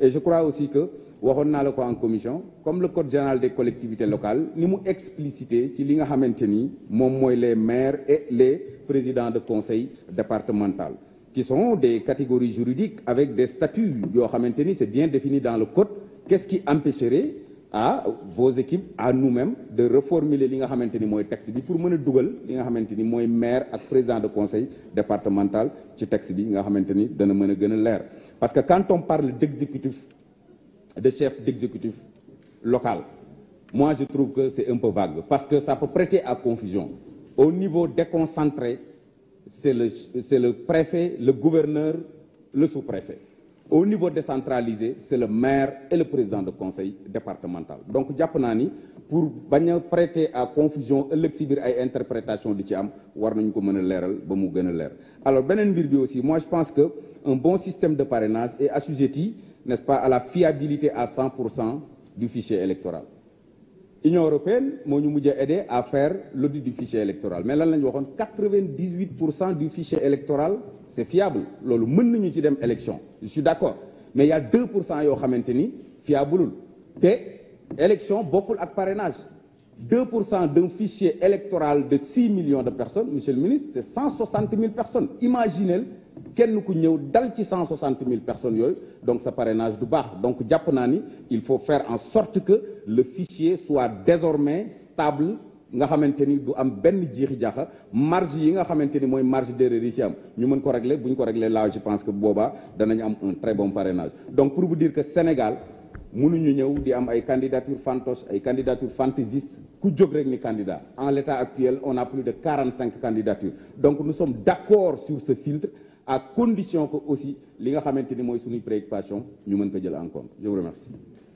et je crois aussi que waxoon naa la ko en commission comme le code général des collectivités locales ni mu explicité ci li nga xamante ni moom mooy les maires et les présidents de conseil départemental qui sont des catégories juridiques avec des statuts yoo xamante ni c'est bien défini dans le code qu'est-ce qui empêcherait à vos équipes à nous-mêmes de reformuler li nga xamante ni mooy texte bi pour mën a dugal li nga xamante ni mooy maire ak président de conseil départemental ci texte bi nga xamante ni dana mën a gën a leer parce que quand on parle d'exécutif de chef d'exécutif local moi je trouve que c'est un peu vague parce que ça peut prêter à confusion au niveau déconcentré c'est le c'est le préfet le gouverneur le sous-préfet au niveau décentralisé c'est le maire et le président de conseil départemental donc jàpp naa ni pour bañ a prêter à confusion ëllëg si biir interprétation di ci am war nañu ko mën a leeral ba mu gën a leer alors beneen mbir bi aussi moi je pense que un bon système de parrainage et assujetti n'est-ce pas à la fiabilité à 100 pour cent du fichier électoral Union européenne moo ñu mujj a aidé à faire l'audit du fichier électoral mais lan la ñu waxoon quatre-vingt-dix-huit pour cent du fichier électoral c'est fiable loolu mën nañu ci dem élection je suis d'accord mais il a deux pour cent yoo xamante ni fiableul te élection bokkul ak parrainage 2 pour cent d'un fichier électoral de 6 millions de personnes monsieur le ministre c'est 160 000 personnes imaginez kenn ku ñëw dal ci 160 000 personnes yooyu donc sa parrainage du baax donc jàpp naa ni il faut faire en sorte que le fichier soit désormais stable nga xamante ni du am benn jiixi jaxa marge yi nga xamante ni mooy marge d'erreur yi ci am ñu mën ko régler bu ko régler là je pense que boobaa danañ am un très bon parrainage donc pour vous dire que Sénégal mënuñu ñëw di am ay candidature fantoche ay candidature fantaisiste ku jóg rek ni candidat en l' état actuel on a plus de 45 candidatures donc nous sommes d' accord sur ce filtre à condition que aussi li nga xamante ni mooy suñuy préoccupation ñu mën ko jël en compte je